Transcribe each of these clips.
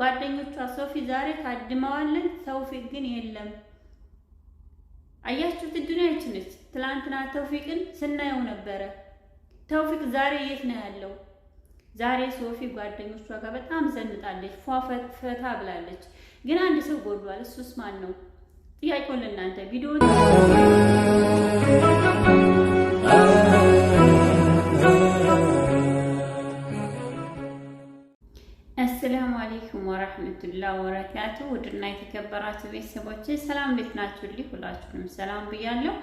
ጓደኞቿ ሶፊ ዛሬ ታድመዋለች፣ ተውፊቅ ግን የለም። አያችሁት? ዱንያች ነች። ትላንትና ተውፊቅን ስናየው ነበረ። ተውፊቅ ዛሬ የት ነው ያለው? ዛሬ ሶፊ ጓደኞቿ ጋር በጣም ዘንጣለች፣ ፏፈታ ብላለች። ግን አንድ ሰው ጎድሏል። እሱስ ማን ነው? ጥያቄውን ለእናንተ ቪዲዮ ወረህመቱላህ ወረካቱ ውድና የተከበራችሁ ቤተሰቦች ሰላም ቤት ናችሁ? ልህ ሁላችሁንም ሰላም ብያለሁ።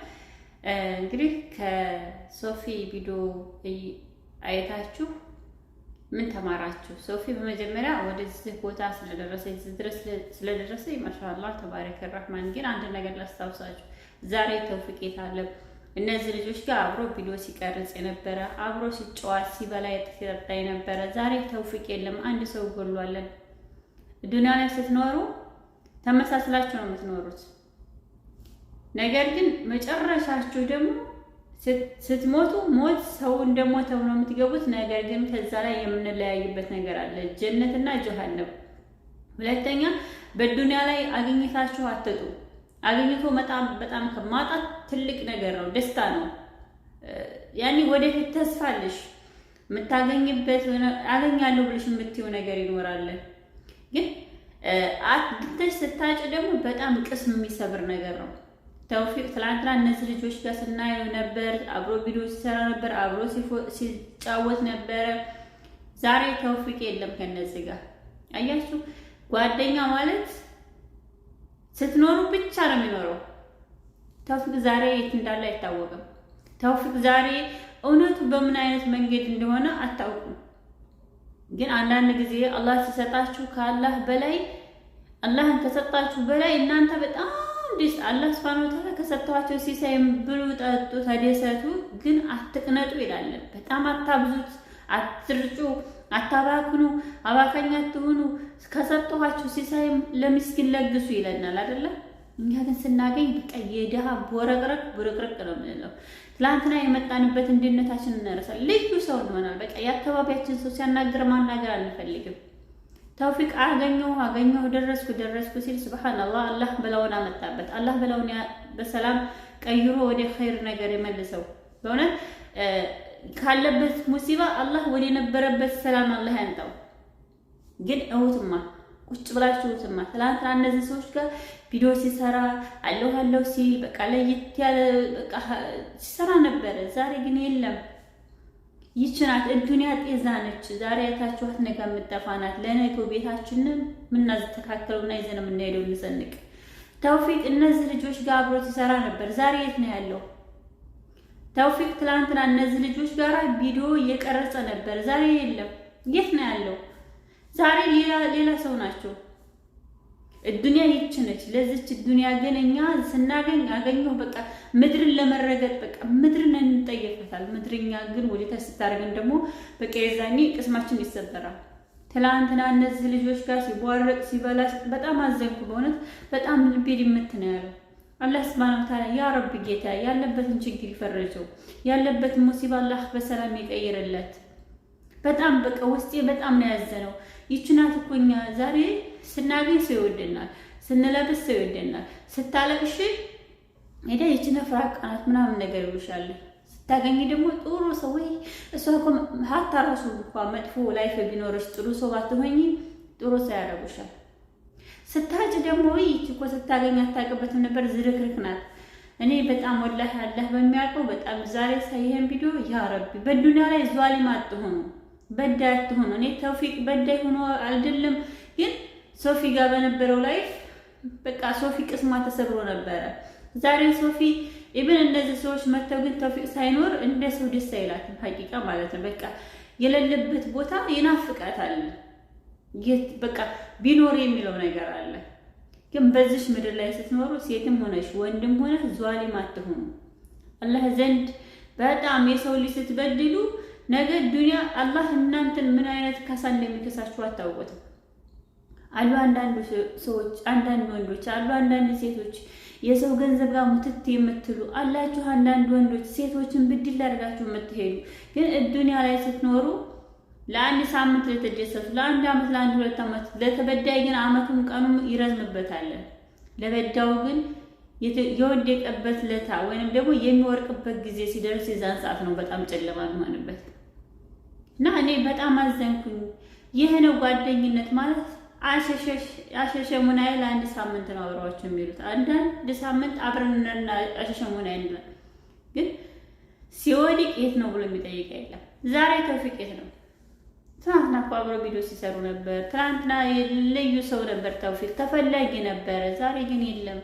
እንግዲህ ከሶፊ ቪዲዮ አይታችሁ ምን ተማራችሁ? ሶፊ በመጀመሪያ ወደዚህ ቦታ ስለደረሰ ድረስ ስለደረሰ ማሻአላህ ተባረከ ረህማን። ግን አንድ ነገር ላስታውሳችሁ፣ ዛሬ ተውፊቅ የታለም እነዚህ ልጆች ጋር አብሮ ቪዲዮ ሲቀርጽ የነበረ አብሮ ሲጫወት ሲበላ ሲጠጣ የነበረ ዛሬ ተውፊቅ የለም። አንድ ሰው ጎሏለን። ዱንያ ላይ ስትኖሩ ተመሳስላችሁ ነው የምትኖሩት። ነገር ግን መጨረሻችሁ ደግሞ ስትሞቱ ሞት ሰው እንደሞተው ነው የምትገቡት። ነገር ግን ከዛ ላይ የምንለያይበት ነገር አለ፣ ጀነትና ጀሃነም። ሁለተኛ በዱንያ ላይ አግኝታችሁ አትጡ። አግኝቶ በጣም በጣም ከማጣት ትልቅ ነገር ነው፣ ደስታ ነው። ያኔ ወደፊት ተስፋለሽ የምታገኝበት አገኛለሁ ብለሽ የምትይው ነገር ይኖራል። ግን አግኝተሽ ስታጭ ደግሞ በጣም ቅስም የሚሰብር ነገር ነው። ተውፊቅ ትላንትና እነዚህ ልጆች ጋር ስናየው ነበር። አብሮ ቪዲዮ ሲሰራ ነበር፣ አብሮ ሲጫወት ነበረ። ዛሬ ተውፊቅ የለም ከነዚህ ጋር። አያችሁ፣ ጓደኛ ማለት ስትኖሩ ብቻ ነው የሚኖረው። ተውፊቅ ዛሬ የት እንዳለ አይታወቅም። ተውፊቅ ዛሬ እውነቱ በምን አይነት መንገድ እንደሆነ አታውቁም። ግን አንዳንድ ጊዜ አላህ ሲሰጣችሁ ከአላህ በላይ አላህን ከሰጣችሁ በላይ እናንተ በጣም ደስ አላህ Subhanahu Ta'ala ከሰጣችሁ ሲሳይም ብሉ፣ ጠጡ፣ ተደሰቱ፣ ግን አትቅነጡ ይላል። በጣም አታብዙት፣ አትርጩ፣ አታባክኑ፣ አባካኝ አትሁኑ። ከሰጣችሁ ሲሳይም ለምስኪን ለግሱ ይለናል አይደለም? እኛ ግን ስናገኝ በቃ የድሃ ቦረቅረቅ ቦረቅረቅ ነው የምንለው። ትላንትና የመጣንበት እንድነታችን እንረሳል። ልዩ ሰው እንሆናል። በቃ የአካባቢያችን ሰው ሲያናግር ማናገር አንፈልግም። ተውፊቅ አገኘሁ አገኘሁ ደረስኩ ደረስኩ ሲል ስብሓንላህ አላህ በላውን አመጣበት። አላህ በላውን በሰላም ቀይሮ ወደ ኸይር ነገር የመልሰው። በእውነት ካለበት ሙሲባ አላህ ወደ ነበረበት ሰላም አላህ ያንጣው። ግን እውትማ ቁጭ ብላችሁ ስማ። ትላንትና እነዚህ ሰዎች ጋር ቪዲዮ ሲሰራ አለሁ አለሁ ሲል በቃ ለየት ያለ በቃ ሲሰራ ነበረ። ዛሬ ግን የለም። ይችናት እዱንያ ጤዛ ነች። ዛሬ ያታችኋት ነገ የምጠፋ ናት። ቤታችንን የምናስተካከለውና ይዘን የምንሄደው እንዘንቅ። ተውፊቅ እነዚህ ልጆች ጋር አብሮ ሲሰራ ነበር። ዛሬ የት ነው ያለው? ተውፊቅ ትላንትና እነዚህ ልጆች ጋር ቪዲዮ እየቀረጸ ነበር። ዛሬ የለም። የት ነው ያለው? ዛሬ ሌላ ሌላ ሰው ናቸው። ዱንያ ይች ነች። ለዚች ዱንያ ግን እኛ ስናገኝ አገኘሁ በቃ ምድርን ለመረገጥ በቃ ምድርን እንጠየፈታል። ምድርኛ ግን ወዴታ ስታደርገን ደግሞ በቃ የዛኔ ቅስማችን ይሰበራል። ትላንትና እነዚህ ልጆች ጋር ሲቧረቅ ሲበላ በጣም አዘንኩ። በእውነት በጣም ልቤ ድምት ነው ያለው። አላህ ስብሐነ ወተዓላ ያ ረብ ጌታ ያለበትን ችግር ይፈረጀው፣ ያለበትን ሙሲባ አላህ በሰላም ይቀይርለት። በጣም በቃ ውስጤ በጣም ነው ያዘነው። ይችናት እኮ እኛ ዛሬ ስናገኝ ሰው ይወደናል፣ ስንለብስ ሰው ይወደናል። ስታለቅሽ ሄዳ ይችነ ፍራቅ ናት ምናምን ነገር ይሉሻል። ስታገኝ ደግሞ ጥሩ ሰው ወይ እሷ እኮ ሀታ ራሱ እንኳ መጥፎ ላይፍ ቢኖረች ጥሩ ሰው ባትሆኝ ጥሩ ሰው ያደረጉሻል። ስታጭ ደግሞ ወይ ይቺ እኮ ስታገኝ አታውቅበትም ነበር ዝርክርክ ናት። እኔ በጣም ወላሂ አላህ በሚያውቀው በጣም ዛሬ ሳይሄን ቪዲዮ ያ ረቢ በዱንያ ላይ ዟሊም አትሆኑ። በዳይ አትሆኑ። እኔ ተውፊቅ በዳይ ሆኖ አልደለም፣ ግን ሶፊ ጋር በነበረው ላይፍ በቃ ሶፊ ቅስማ ተሰብሮ ነበረ። ዛሬ ሶፊ ኢብን እነዚህ ሰዎች መተው ግን ተውፊቅ ሳይኖር እንደ ሰው ደስ አይላትም። ሀቂቃ ማለት ነው። በቃ የሌለበት ቦታ ይናፍቃታል። በቃ ቢኖር የሚለው ነገር አለ። ግን በዚሽ ምድር ላይ ስትኖሩ ሴትም ሆነሽ ወንድም ሆነ ዟሊም አትሆኑ። አላህ ዘንድ በጣም የሰው ልጅ ስትበድሉ ነገ ዱንያ አላህ እናንተን ምን አይነት ካሳ እንደሚከሳችሁ አታውቁትም። አሉ አንዳንድ ሰዎች፣ አንዳንድ ወንዶች አሉ፣ አንዳንድ ሴቶች የሰው ገንዘብ ጋር ሙትት የምትሉ አላችሁ። አንዳንድ ወንዶች ሴቶችን ብድል አድርጋችሁ የምትሄዱ ግን እዱንያ ላይ ስትኖሩ ለአንድ ሳምንት ለተደሰቱ፣ ለአንድ ዓመት፣ ለአንድ ሁለት አመት ለተበዳይ ግን ዓመቱም ቀኑም ይረዝምበታለን። ለበዳው ግን የወደቀበት ለታ ወይንም ደግሞ የሚወርቅበት ጊዜ ሲደርስ የዛን ሰዓት ነው በጣም ጨለማ የሚሆንበት። እና እኔ በጣም አዘንኩኝ። ይህ ነው ጓደኝነት ማለት። አሸሸ ሙናዬ አንድ ሳምንት ነው አብረዋቸው የሚሉት አንዳንድ ሳምንት አብረንና አሸሸ ሙናዬ ነው። ግን ሲወድቅ የት ነው ብሎ የሚጠይቅ የለም። ዛሬ ተውፊቅ የት ነው? ትናንትና እኮ አብሮ ቪዲዮ ሲሰሩ ነበር። ትናንትና ልዩ ሰው ነበር፣ ተውፊቅ ተፈላጊ ነበረ። ዛሬ ግን የለም።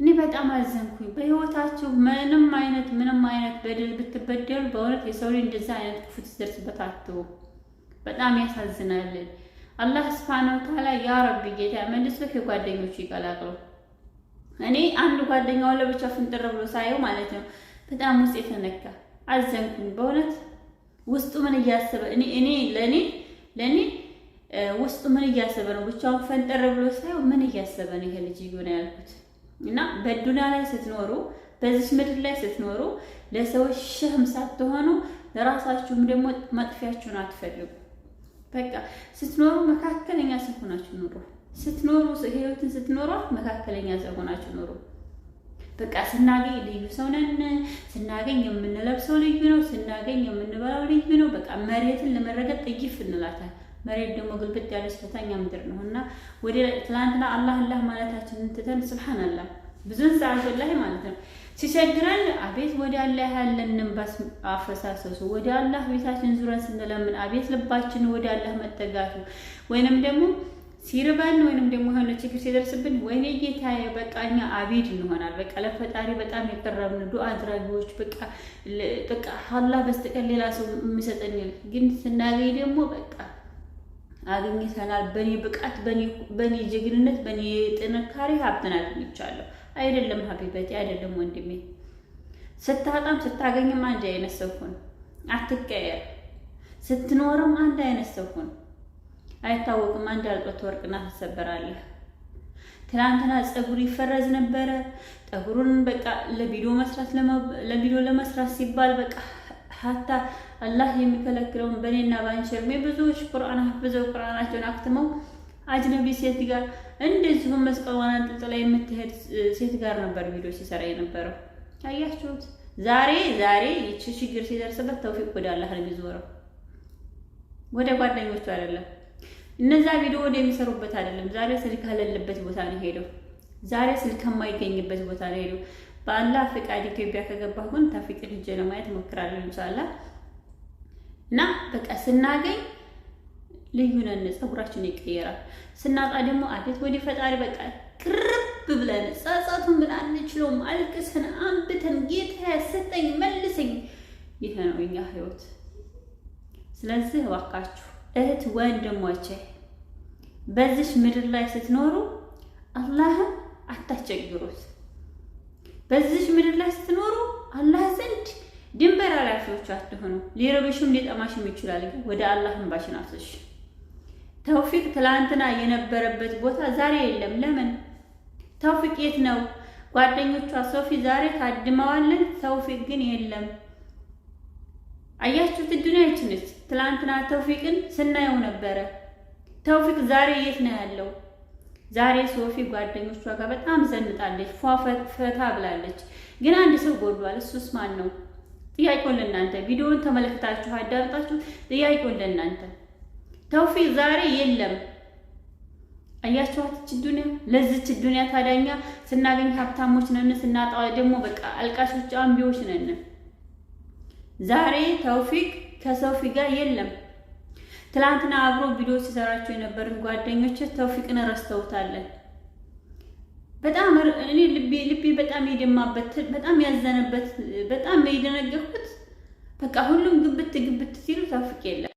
እኔ በጣም አዘንኩኝ። በህይወታችሁ ምንም ምንም አይነት በደል ብትበደሉ በእውነት የሰው ልጅ እንደዛ አይነት ክፉ ትደርስበት አትሁ። በጣም ያሳዝናል። አላህ ስብሐነሁ ወተዓላ ያ ረቢ ጌታ መልሶት የጓደኞቹ ይቀላቅሉ። እኔ አንድ ጓደኛው ለብቻ ፍንጥር ብሎ ሳየው ማለት ነው በጣም ውስጥ የተነካ አዘንኩኝ። በእውነት ውስጡ ምን እያሰበ እኔ እኔ ለእኔ ውስጡ ምን እያሰበ ነው? ብቻውን ፈንጠር ብሎ ሳየው ምን እያሰበ ነው ይሄ ልጅ ይሆነ ያልኩት እና በዱንያ ላይ ስትኖሩ በዚች ምድር ላይ ስትኖሩ ለሰዎች ሸህም ሳትሆኑ ለራሳችሁም ደግሞ ማጥፊያችሁን አትፈልጉ። በቃ ስትኖሩ መካከለኛ ሰው ሆናችሁ ኑሩ። ስትኖሩ ህይወትን ስትኖሩ መካከለኛ ሰው ሆናችሁ ኑሩ። በቃ ስናገኝ ልዩ ሰው ነን። ስናገኝ የምንለብሰው ልዩ ነው። ስናገኝ የምንበላው ልዩ ነው። በቃ መሬትን ለመረገጥ ጥይፍ እንላታል። መሬት ደግሞ ግልብጥ ያለች ፈታኛ ምድር ነው እና ወደ ትላንትና አላህ አላህ ማለታችንን ትተን ስብሓን አላህ ብዙን ሰዓት ወላሂ ማለት ነው ሲቸግረን አቤት ወደ አላህ ያለንን አፈሳሰሱ ወደ አላህ ቤታችን ዙረን ስንለምን አቤት ልባችን ወደ አላህ መጠጋቱ ወይንም ደግሞ ሲርበን ወይንም ደግሞ የሆነ ችግር ሲደርስብን ወይኔ ጌታዬ በቃ እኛ አቢድ እንሆናል። በቃ ለፈጣሪ በጣም የቀረብን ዱአ አድራጊዎች በቃ በቃ አላህ በስተቀር ሌላ ሰው የሚሰጠኝ ግን ስናገኝ ደግሞ በቃ አግኝተናል፣ በኔ ብቃት፣ በኔ ጀግንነት፣ በኔ ጥንካሬ ሀብትን አግኝቻለሁ አይደለም ሀቢበቴ፣ አይደለም ወንድሜ። ስታጣም ስታገኝም አንድ አይነት ሰው ሁን፣ አትቀየር። ስትኖርም አንድ አይነት ሰው ሁን። አይታወቅም፣ አንድ አልቆት ወርቅና ትሰበራለህ። ትናንትና ፀጉር ይፈረዝ ነበረ። ጠጉሩን በቃ ለቪዲዮ መስራት ለቪዲዮ ለመስራት ሲባል በቃ ሀታ አላህ የሚከለክለውን በእኔና ባንቺ ብዙዎች ቁርአን ብዙ ቁርአናቸውን አክትመው አጅነቢ ሴት ጋር እንደዚሁም መስቀሏን አንጠልጥላ የምትሄድ ሴት ጋር ነበር ቪዲዮ ሲሰራ የነበረው። አያችሁት? ዛሬ ዛሬ ይቺ ችግር ሲደርስበት ተውፊቅ ወደ አላህ ነው የሚዞረው፣ ወደ ጓደኞቹ አይደለም። እነዛ ቪዲዮ ወደ የሚሰሩበት አይደለም። ዛሬ ስልክ አለለበት ቦታ ነው ሄደው፣ ዛሬ ስልክ የማይገኝበት ቦታ ነው ሄደው። በአላህ ፍቃድ ኢትዮጵያ ከገባሁ ግን ተውፊቅን ሂጄ ለማየት እሞክራለሁ ኢንሻአላህ እና በቃ ስናገኝ ልዩ ነን። ፀጉራችን ይቀየራል። ስናጣ ደግሞ አቤት ወደ ፈጣሪ በቃ ቅርብ ብለን ጸጸቱን ምን አንችለውም። አልቅሰን አንብተን ጌታ ያሰጠኝ መልሰኝ። ይህ ነው እኛ ህይወት። ስለዚህ እባካችሁ እህት ወንድሞቼ በዚች ምድር ላይ ስትኖሩ አላህም አታስቸግሩት። በዚች ምድር ላይ ስትኖሩ አላህ ዘንድ ድንበር አላፊዎች አትሆኑ። ሊረብሽም ሊጠማሽም ይችላል። ወደ አላህም እንባሽን ተውፊቅ ትላንትና የነበረበት ቦታ ዛሬ የለም። ለምን? ተውፊቅ የት ነው? ጓደኞቿ ሶፊ ዛሬ ታድመዋለን፣ ተውፊቅ ግን የለም። አያችሁት? ዱንያ ነች። ትላንትና ተውፊቅን ስናየው ነበረ። ተውፊቅ ዛሬ የት ነው ያለው? ዛሬ ሶፊ ጓደኞቿ ጋር በጣም ዘንጣለች፣ ፏፈታ ብላለች። ግን አንድ ሰው ጎድሏል። እሱስ ማን ነው? ጥያቄውን ለእናንተ ቪዲዮውን ተመለከታችሁ አዳምጣችሁ፣ ጥያቄውን ለእናንተ ተውፊቅ ዛሬ የለም። አያችኋት ዱንያ ለዚች ዱንያ ታዳኛ ስናገኝ ሀብታሞች ነን፣ ስናጣ ደግሞ በቃ አልቃሾች አንቢዎች ነን። ዛሬ ተውፊቅ ከሰውፊ ጋር የለም። ትላንትና አብሮ ቪዲዮ ሲሰራቸው የነበርን ጓደኞች ተውፊቅን ረስተውታለን። በጣም እኔ ልቤ ልቤ በጣም የደማበት በጣም ያዘነበት በጣም የደነገኩት በቃ ሁሉም ግብት ግብት ሲሉ ተውፊቅ የለም።